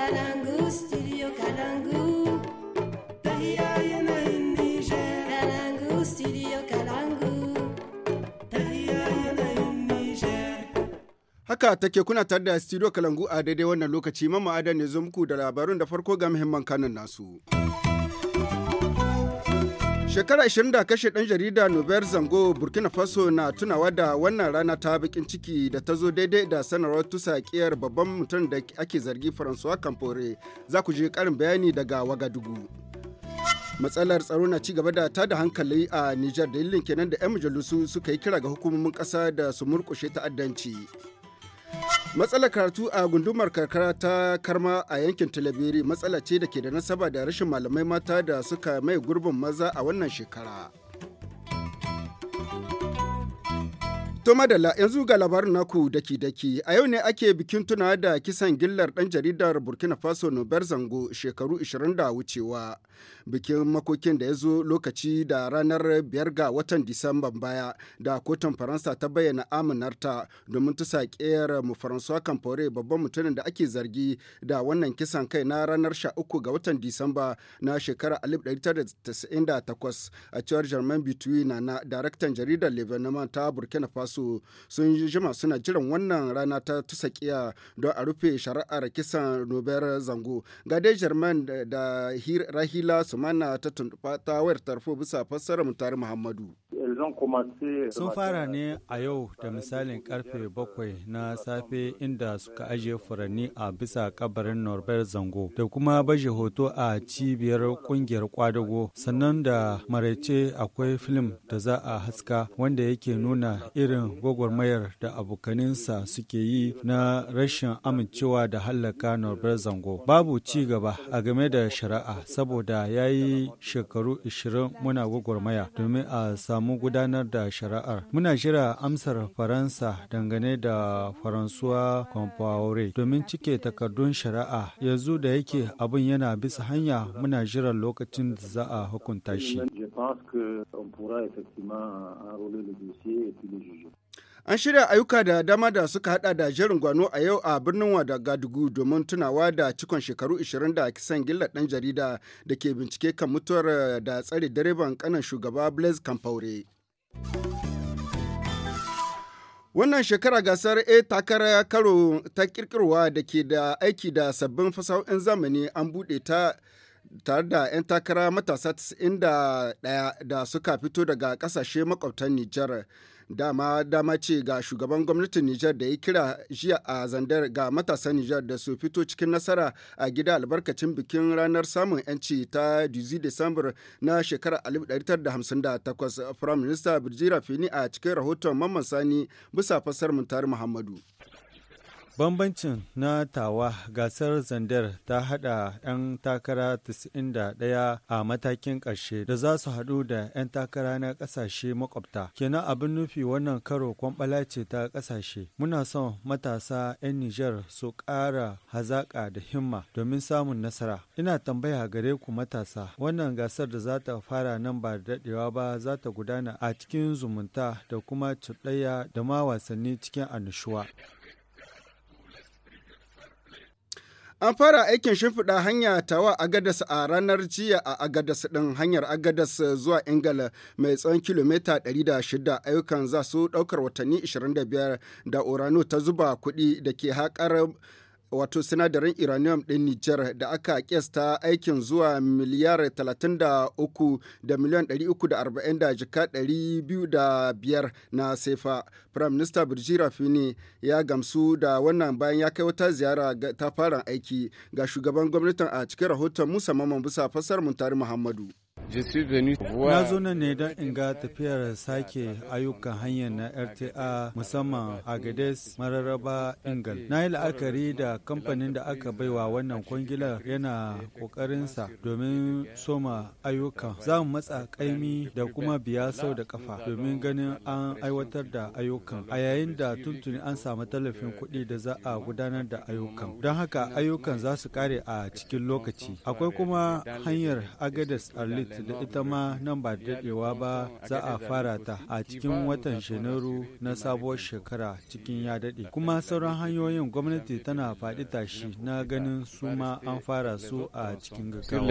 Kalangu, studio Kalangu. Tahiya yanayin Nijar. Kalangu, studio Kalangu. Tahiya yanayin Nijar. Haka take kuna tare da studio Kalangu a daidai wannan lokaci mamma Adam ne zo muku da labarun da farko ga muhimman kanin nasu. Shekara 20 da kashe ɗan jarida Nobel Zango Burkina Faso na tunawa da wannan rana ta bakin ciki da ta zo daidai da sanarwar tusa kiyar babban mutum da ake zargi Francois Campore za ku je karin bayani daga Wagadugu. Matsalar tsaro na ci gaba da ta da hankali a Nijar yin kenan da 'yan majalisu suka yi kira ga hukumomin ƙasa da su murƙushe ta'addanci. matsalar karatu a gundumar karkara ta karma a yankin talabiri matsala ce da ke da nasaba da rashin malamai mata da suka mai gurbin maza a wannan shekara. To madalla yanzu ga labarin naku daki-daki a yau ne ake bikin tuna da kisan gillar ɗan jaridar Burkina Faso nobar Zango shekaru 20 da wucewa. Bikin makokin da ya zo lokaci da ranar biyar ga watan disamba baya da kotun Faransa ta bayyana aminarta domin ta saƙiyar mu Faransuwa Kamfore babban mutumin da ake zargi da wannan kisan kai na ranar 13 ga watan Disamba na shekarar 1998 a cewar Germain Bituina na daraktan jaridar Lebanon ta Burkina Faso su sun jima suna jiran wannan rana ta tusakiya don a rufe shari'ar kisan Nobel Zango. Ga dai German da Rahila Sumana ta tuntuɓa ta wayar tarfo bisa fassara Mutari Muhammadu. Sun fara ne a yau da misalin karfe bakwai na safe inda suka ajiye furanni a bisa kabarin Norbert Zango da kuma baje hoto a cibiyar kungiyar kwadago sannan da maraice akwai film da za a haska wanda yake nuna irin irin gwagwarmayar da abokaninsa suke yi na rashin amincewa da hallaka Norbert Zango. Babu ci gaba a game da shari'a saboda ya yi shekaru 20 muna gwagwarmaya domin a samu gudanar da shari'ar. Muna shira amsar Faransa dangane da Faransuwa Compaore domin cike takardun shari'a yanzu da yake abin yana bisa hanya muna jiran lokacin da za a hukunta shi. Je pense qu'on pourra effectivement enrôler le dossier et puis le juger. An shirya ayyuka da dama da suka hada da jerin gwano a yau a birnin wadagadugu domin tunawa da cikon shekaru 20 da kisan gilla ɗan jarida da ke bincike kan mutuwar eh, da tsare direban kanan shugaba Blaise Kamfaure. Wannan shekara gasar A takara karo ta kirkirwa da ke da aiki da sabbin fasahohin zamani an bude ta tare da 'yan takara matasa 91 da suka fito daga kasashe makwabtan Nijar. dama dama ce ga shugaban gwamnatin Nijar da ya kira jiya a zandar ga matasan Nijar da su fito cikin nasara a gida albarkacin bikin ranar samun 'yanci ta 10 Disambar na shekarar 1958 Prime Minister Birjira Fini a cikin rahoton Mamman Sani bisa fasar Muntari Muhammadu. Bambancin na tawa gasar Zandar ta haɗa 'yan takara 91 a matakin ƙarshe da za su haɗu da 'yan takara na ƙasashe makwabta. Kenan abin nufi wannan karo kwamɓala ce ta ƙasashe. Muna son matasa 'yan Nijar su ƙara hazaƙa da himma domin samun nasara. Ina tambaya gare ku matasa, wannan gasar da za ta fara nan ba da daɗewa ba za ta gudana a cikin zumunta da kuma cuɗaya da ma wasanni cikin annushuwa. An fara aikin shimfiɗa hanya tawa Agadas a ranar jiya a Agadas ɗin hanyar Agadas zuwa Ingala mai tsawon kilomita 106 ayyukan za su ɗaukar watanni 25 da Orano ta zuba kuɗi da ke haƙar wato sinadarin uranium ɗin niger da aka kesta aikin zuwa miliyar 33 da miliyan 340 da jika 205 na sefa. Prime Minister birji rafini ya gamsu da wannan bayan ya kai wata ziyara ta fara aiki ga shugaban gwamnatin a cikin rahoton Musa Maman bisa fasar Muntari Muhammadu. Na zo nan ne don in ga tafiyar sake ayyukan hanyar na RTA musamman Agades Mararaba Ingal. Na yi la'akari da kamfanin da aka baiwa wannan kwangilar yana ƙoƙarinsa domin soma ayyukan. Za mu matsa ƙaimi da kuma biya sau da kafa domin ganin an aiwatar da ayyukan. A yayin da tuntuni an samu tallafin kuɗi da za a gudanar da ayyukan. Don haka ayyukan za su kare a cikin lokaci. Akwai kuma hanyar Agades Arlit da ita ma nan ba daɗewa ba za a fara ta a cikin watan Janairu na sabuwar shekara cikin ya daɗe. Kuma sauran hanyoyin gwamnati tana faɗi tashi na ganin su ma an fara su a cikin gaggawa.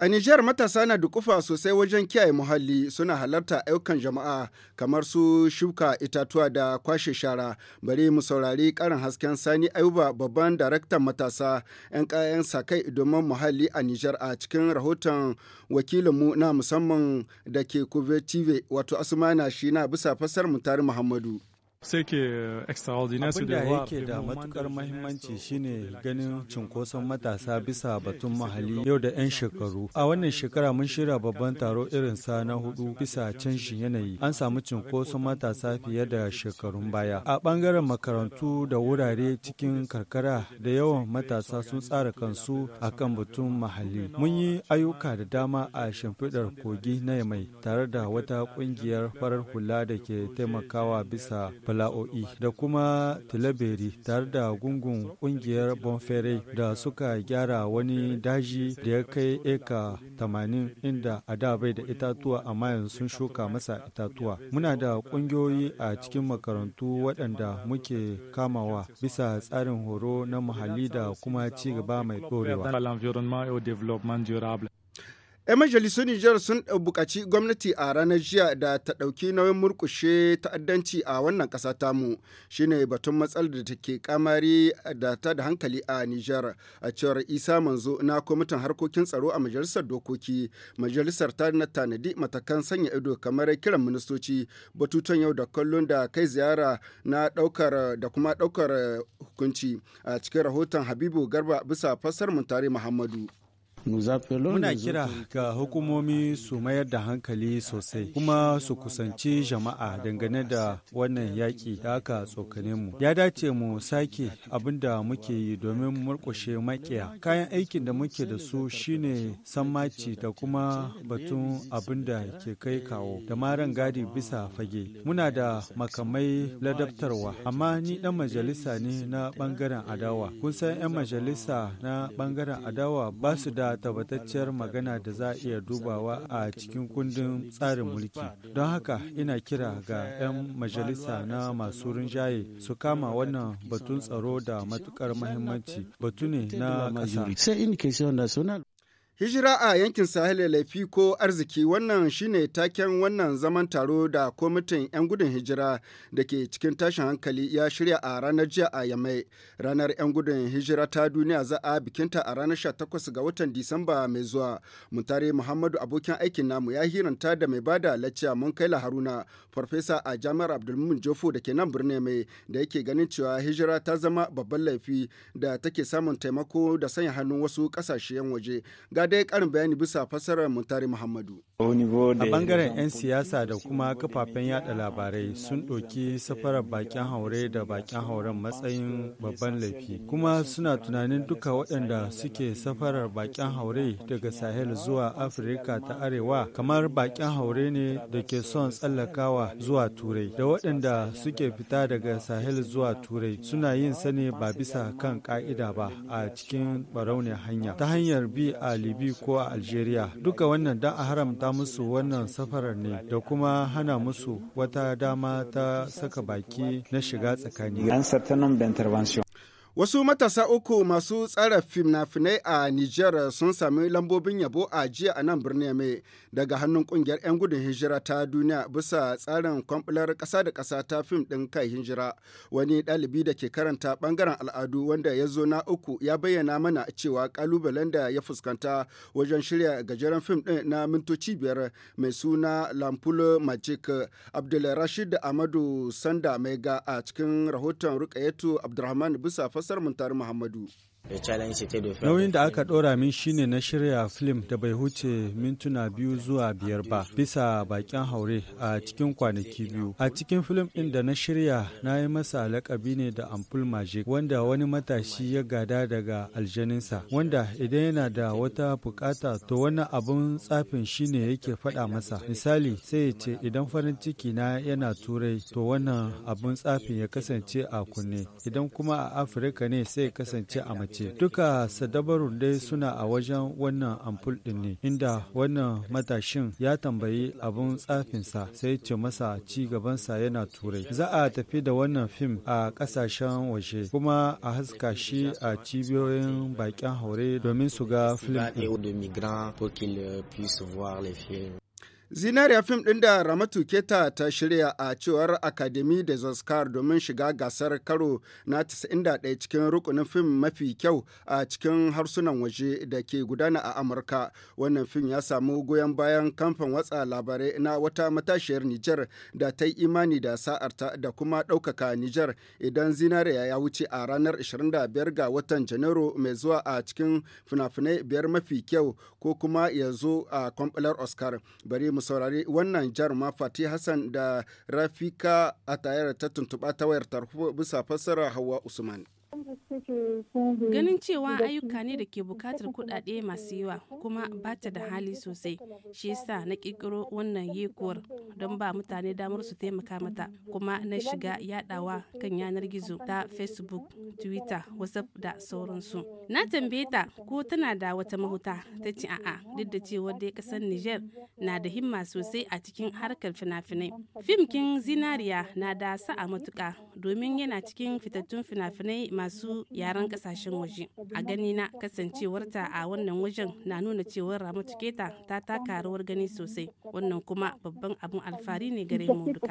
A Nijar matasa na dukufa sosai wajen kiyaye muhalli suna halarta ayyukan jama'a kamar su shuka itatuwa da kwashe shara. Bari mu saurari karin hasken Sani Ayuba babban daraktan matasa 'yan kayan sakai idoman muhalli a Nijar a cikin rahoton wakilinmu na musamman da ke Kube wato Asumana shi na bisa fasar Mutari Muhammadu. sai ke extraordinaire su da yake da matukar mahimmanci shine ganin cinkoson matasa bisa batun mahalli, yau da 'yan shekaru a wannan shekara mun shirya babban taro irin sa na hudu bisa canjin yanayi an samu cinkoson matasa fiye da shekarun baya a bangaren makarantu da wurare cikin karkara da yawan matasa sun tsara kansu akan batun mahalli mun yi ayyuka da dama a shimfiɗar kogi na yamai tare da wata ƙungiyar farar hula da ke taimakawa bisa bala'o'i da kuma tilaberi tare da gungun kungiyar bonfere da suka gyara wani daji da ya kai eka 80 inda a da bai da itatuwa amma yanzu sun shuka masa itatuwa muna da kungiyoyi a cikin makarantu waɗanda muke kamawa bisa tsarin horo na muhalli da kuma ci gaba mai ɗorewa 'Yan majalisun Nijar sun buƙaci gwamnati a ranar jiya da ta ɗauki nauyin murkushe ta'addanci a wannan ƙasa tamu shine batun matsalar da take kamari da ta da hankali a Nijar a cewar Isa Manzo na kwamitin harkokin tsaro a majalisar dokoki. Majalisar ta na tanadi matakan sanya ido kamar kiran ministoci batutan yau da kullun da kai ziyara na ɗaukar da kuma ɗaukar hukunci a cikin rahoton Habibu Garba bisa fassar Muntari Muhammadu. Muna kira ga hukumomi su mayar da hankali sosai kuma su kusanci jama'a dangane da wannan yaƙi da aka tsokane mu. Ya dace mu sake abin da muke yi domin murƙushe maƙiya. Kayan aikin da muke da su shine sammaci da kuma batun abin da ke kai kawo da maran gadi bisa fage. Muna da makamai ladabtarwa amma ni ɗan majalisa ne na ɓangaren adawa. Kun san 'yan majalisa na ɓangaren adawa ba su da tabbatacciyar magana da za a iya dubawa a cikin kundin tsarin mulki. Don haka ina kira ga 'yan majalisa na masu rinjaye su kama wannan batun tsaro da matukar mahimmanci batu ne na ƙasa. Hijira a yankin Sahel laifi ko arziki wannan shine taken wannan zaman taro da kwamitin 'yan gudun hijira da ke cikin tashin hankali ya shirya a ranar jiya a Yamai. Ranar 'yan gudun hijira ta duniya za a bikinta a ranar 18 ga watan Disamba mai zuwa. mutare Muhammadu abokin aikin namu ya hiranta da mai bada lacca mun kai la Haruna farfesa a jami'ar Abdulmumin Jofo da ke nan birnin mai da yake ganin cewa hijira ta zama babban laifi da take samun taimako da sanya hannun wasu kasashen waje. dai karin bayani bisa fassarar Muntari Muhammadu. A bangaren 'yan siyasa da kuma kafafen yada labarai sun ɗauki safarar bakin haure da bakin hauren matsayin babban laifi. Kuma suna tunanin duka waɗanda suke safarar bakin haure daga Sahel zuwa Afirka ta Arewa kamar bakin haure ne da ke son tsallakawa zuwa Turai da waɗanda suke fita daga Sahel zuwa Turai suna yin sani ba bisa kan ka'ida ba a cikin barauniyar hanya ta hanyar bi a biyu ko a Algeria. Duka wannan da a haramta musu wannan safarar ne da kuma hana musu wata dama ta saka baki na shiga tsakani. Wasu matasa uku masu tsara fina-finai a Nijar sun sami lambobin yabo a jiya a nan birnin mai daga hannun kungiyar 'yan gudun hijira ta duniya bisa tsarin kwamfular ƙasa da kasa ta fim ɗin kai hijira. Wani ɗalibi da ke karanta ɓangaren al'adu wanda ya zo na uku ya bayyana mana cewa ƙalubalen da ya fuskanta wajen shirya gajeren fim ɗin na mintoci biyar mai suna Lampul Magic Abdulrashid Amadu Sanda Mega a cikin rahoton Rukayetu Abdulrahman bisa Ƙasar Muntari Muhammadu. Nauyin da aka ɗora min shine na shirya film da bai huce mintuna biyu zuwa biyar ba bisa bakin haure a cikin kwanaki biyu. A cikin film ɗin da na shirya na yi masa lakabi ne da Ampul Magic wanda wani matashi ya gada daga aljaninsa wanda idan yana da wata bukata to wani abun tsafin shine yake faɗa masa. Misali sai ya ce idan farin ciki na yana turai to wannan abun tsafin ya kasance a kunne idan kuma a Afirka ne sai ya kasance a mace. ce duka sadabarun dai suna a wajen wannan ampul din ne inda wannan matashin ya tambayi abun tsafinsa sai ce masa ci gabansa yana turai za a tafi da wannan fim a kasashen waje kuma a haska shi a cibiyoyin bakin haure domin su ga fim Zinariya fim ɗin da Ramatu Keta ta shirya a cewar Academy da zoskar domin shiga gasar karo na 91 cikin rukunin fim mafi kyau a cikin harsunan waje da ke gudana a Amurka. Wannan fim ya samu goyon bayan kamfan watsa labarai na wata matashiyar Nijar da ta yi imani da sa'arta da kuma ɗaukaka Nijar idan zinariya ya wuce a ranar 25 ga watan Janairu mai zuwa a cikin fina-finai biyar mafi kyau ko kuma ya zo a kwamfular Oscar. Bari mu saurari wannan ma Fati Hassan da Rafika a tayar ta tuntuɓa ta wayar tarho bisa fassara hawa Usman. Ganin cewa ayyuka ne da ke bukatar kuɗaɗe masu yawa kuma ba ta da hali sosai, shi yasa na ƙirƙiro wannan yekuwar don ba mutane damar su taimaka mata kuma na shiga yadawa kan yanar gizo ta Facebook, Twitter, WhatsApp da sauransu. Na tambaye ta ko tana da wata mahuta ta ce a'a duk da cewa dai ƙasar Niger na da himma sosai a cikin harkar fina-finai. Fim kin Zinariya na da sa'a matuƙa domin yana cikin fitattun fina-finai masu yaren kasashen waje a gani na kasancewarta a wannan wajen na nuna cewar ramatu tuketa ta taka rawar gani sosai wannan kuma babban abin alfahari ne gare mu duka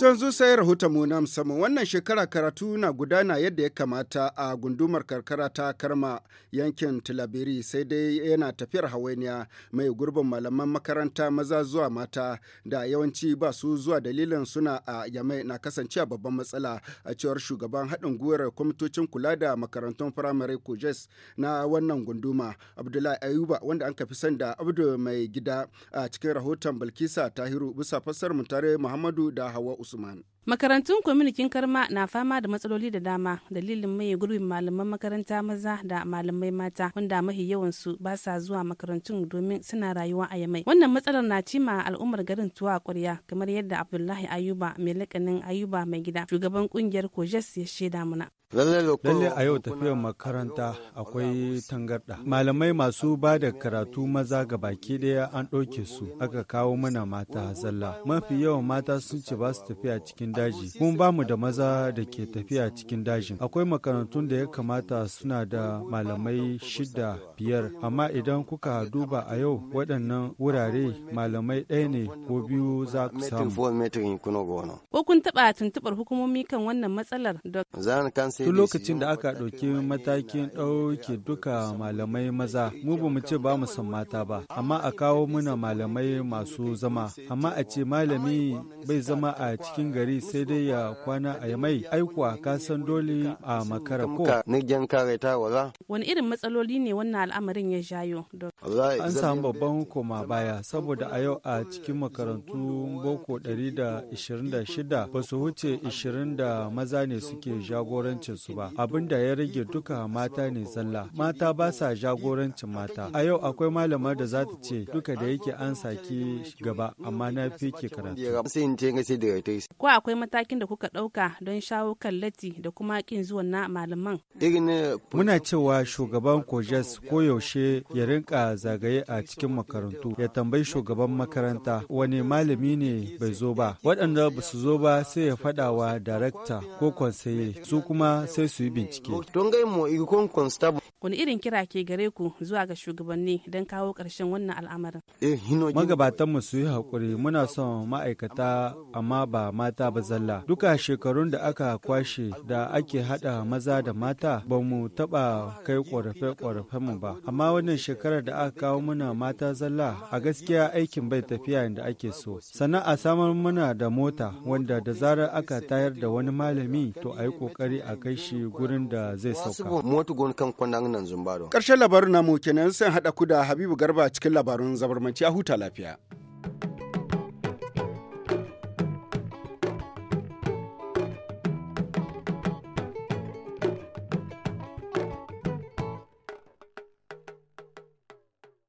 Tanzu sai rahoton mu na musamman wannan shekara karatu na gudana yadda ya kamata a gundumar karkara ta Karma yankin Tilabiri sai dai yana tafiyar hawainiya mai gurbin malaman makaranta maza zuwa mata da yawanci ba su zuwa dalilin suna a Yamai na kasancewa babban matsala a cewar shugaban haɗin gwiwar kwamitocin kula da makarantun firamare Kujes na wannan gunduma Abdullahi Ayuba wanda an kafi san da abdul mai gida a cikin rahoton Bilkisa Tahiru bisa fassar mutare Muhammadu da Hawa Usman. Makarantun kwaminikin karma na fama da matsaloli da dama dalilin mai gurbin malaman makaranta maza da malamai mata wanda mahi yawan ba sa zuwa makarantun domin suna rayuwa a yamai. Wannan matsalar na cima al'ummar garin tuwa kwarya kamar yadda Abdullahi Ayuba mai lakanin Ayuba mai gida shugaban kungiyar Kojes ya shaida muna. lalle a yau tafiyar makaranta akwai tangarda malamai masu ba da karatu maza ga baki daya an ɗauke su aka kawo mana mata zalla mafi yawan mata sun ce ba su tafiya cikin cikin daji kuma ba mu da maza da ke tafiya cikin daji akwai makarantun da ya kamata suna da malamai shida biyar amma idan kuka duba a yau waɗannan wurare malamai ɗaya ne ko biyu za ku samu ko kun taɓa tuntuɓar hukumomi kan wannan matsalar tun lokacin da aka ɗauki matakin ɗauke duka malamai maza mu ba mu ce ba mu san mata ba amma a kawo muna malamai masu zama amma a ce malami bai zama a cikin gari sai dai ya kwana a yamai aikuwa ka san dole a makara ko. Wani irin matsaloli ne wannan al'amarin ya jayo? An samu babban koma baya saboda a yau a cikin makarantu boko 126 ba su huce 20 da maza ne suke jagorancin su ba abin da ya rage duka mata ne zalla mata ba sa jagorancin mata a yau akwai malamar da za ta ce duka da yake an saki gaba amma na fi ke karatu akwai matakin da kuka ɗauka don shawo kan latti da kuma ƙin zuwan na malaman. Muna cewa shugaban Kojes koyaushe ya rinka zagaye a cikin makarantu ya tambayi shugaban makaranta wani malami ne bai zo ba. Waɗanda ba su zo ba sai ya faɗa wa darakta ko kwansaye su kuma sai su yi bincike. wani irin kira ke gare ku zuwa ga shugabanni don kawo ƙarshen wannan al'amarin eh, magabatanmu su yi haƙuri muna son ma'aikata amma ba mata ba zalla duka shekarun da aka kwashe da ake haɗa maza da mata ba mu taɓa kai ƙorafe mu ba amma wannan shekarar da aka kawo muna mata zalla a gaskiya aikin bai tafiya inda ake so sannan a samar muna da mota wanda da zarar aka tayar da wani malami to a yi ƙoƙari a kai shi gurin da zai sauka nan zumbado. Ƙarshen labarin namu kenan sun haɗa ku da Habibu Garba cikin labarun zabarmanci a huta lafiya.